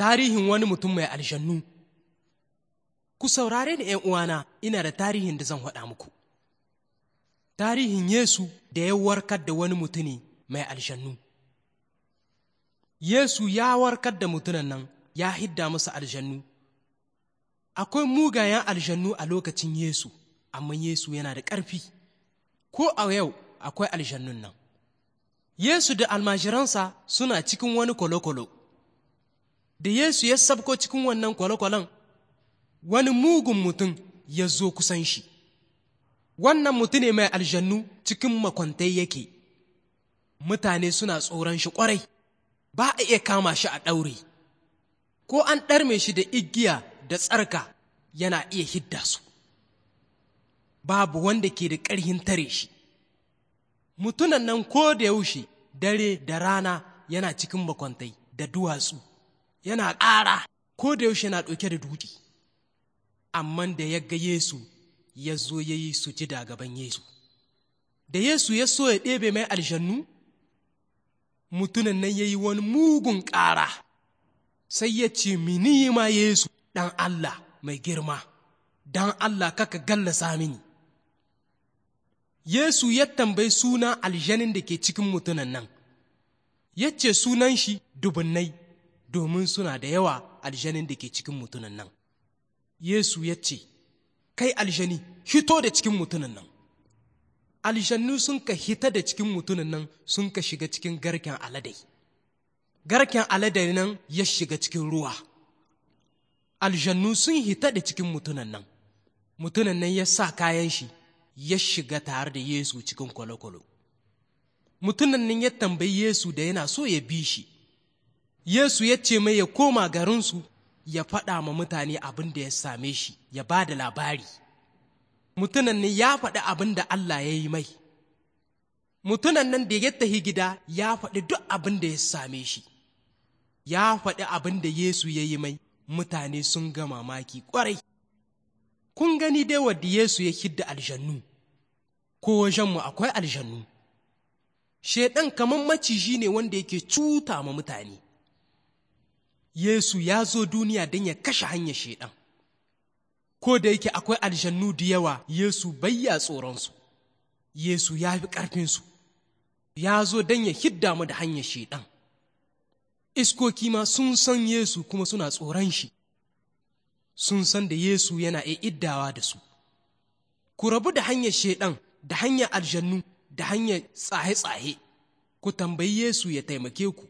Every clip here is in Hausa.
tarihin wani mutum mai aljannu ku saurare ni uwana ina da tarihin da zan haɗa muku tarihin yesu da ya warkar da wani mutumi mai aljannu yesu ya warkar da mutunan nan ya hidda masa aljannu akwai mugayen aljannu a lokacin yesu amma yesu yana da ƙarfi ko a yau akwai aljannun nan yesu da almajiransa suna cikin wani kolokolo. da Yesu ya sabko cikin wannan kwale-kwalen wani mugun mutum ya zo kusan shi wannan mutum ne mai aljannu cikin makwantai yake mutane suna tsoron shi kwarai ba a iya kama shi a ɗaure ko an ɗarme shi da igiya da tsarka yana iya hidda su babu wanda ke da ƙarhin tare shi mutunan nan ko da yaushe dare da rana yana cikin makwantai da duwatsu yana ƙara ko da yaushe yana ɗauke da duki amma da ya ga Yesu ya zo ya yi su ji gaban Yesu da Yesu ya so ya ɗebe mai aljannu mutunan nan ya yi wani mugun ƙara sai ya ce mini ma Yesu ɗan Allah mai girma don Allah kaka gallasa mini Yesu ya tambayi sunan aljanin da ke cikin mutunan nan ya ce sunan shi dubunnai domin suna da yawa aljanin da ke cikin mutunan nan yesu ya ce kai aljani hito da cikin mutunan nan aljannu sun ka hita da cikin mutunan nan sun ka shiga cikin garken aladai garken aladai nan ya shiga cikin ruwa aljannu sun hita da cikin mutunan nan mutunan nan ya sa kayan shi ya shiga tare da yesu cikin kwalokwalo mutunan nan ya tambayi yesu da yana so ya bi shi Yesu ya ce mai ya koma garinsu ya faɗa ma mutane abin da ya same shi ya ba da labari. Mutunan ne ya faɗi abin da Allah ya yi mai. Mutunan nan da ya tahi gida ya faɗi duk abin da ya same shi. Ya faɗi abin da Yesu ya yi mai mutane sun ga mamaki ƙwarai. Kun gani dai wadda Yesu ya hidda aljannu, ko wajenmu akwai aljannu. Shaiɗan kamar maciji ne wanda yake cuta ma mutane. Yesu ya zo duniya don ya kashe hanyar shaidan. Ko da yake akwai aljannu da yawa, Yesu bayya tsoronsu, Yesu ya fi ƙarfinsu, ya zo don ya hidda mu da hanyar shaidan. Iskoki ma sun san Yesu kuma suna tsoron shi, sun san da Yesu yana iya iddawa da su. Ku rabu da hanyar shaidan, da hanyar aljannu, da hanyar tsaye-tsaye ku tambayi Yesu ya taimake ku.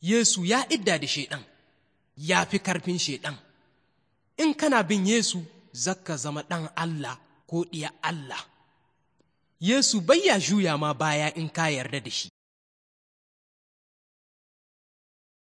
Yesu ya idda da shaiɗan, ya fi ƙarfin shaiɗan. In kana bin Yesu, zaka zama ɗan Allah ko ɗiya Allah. Yesu bai ya juya ma baya in ka yarda da shi,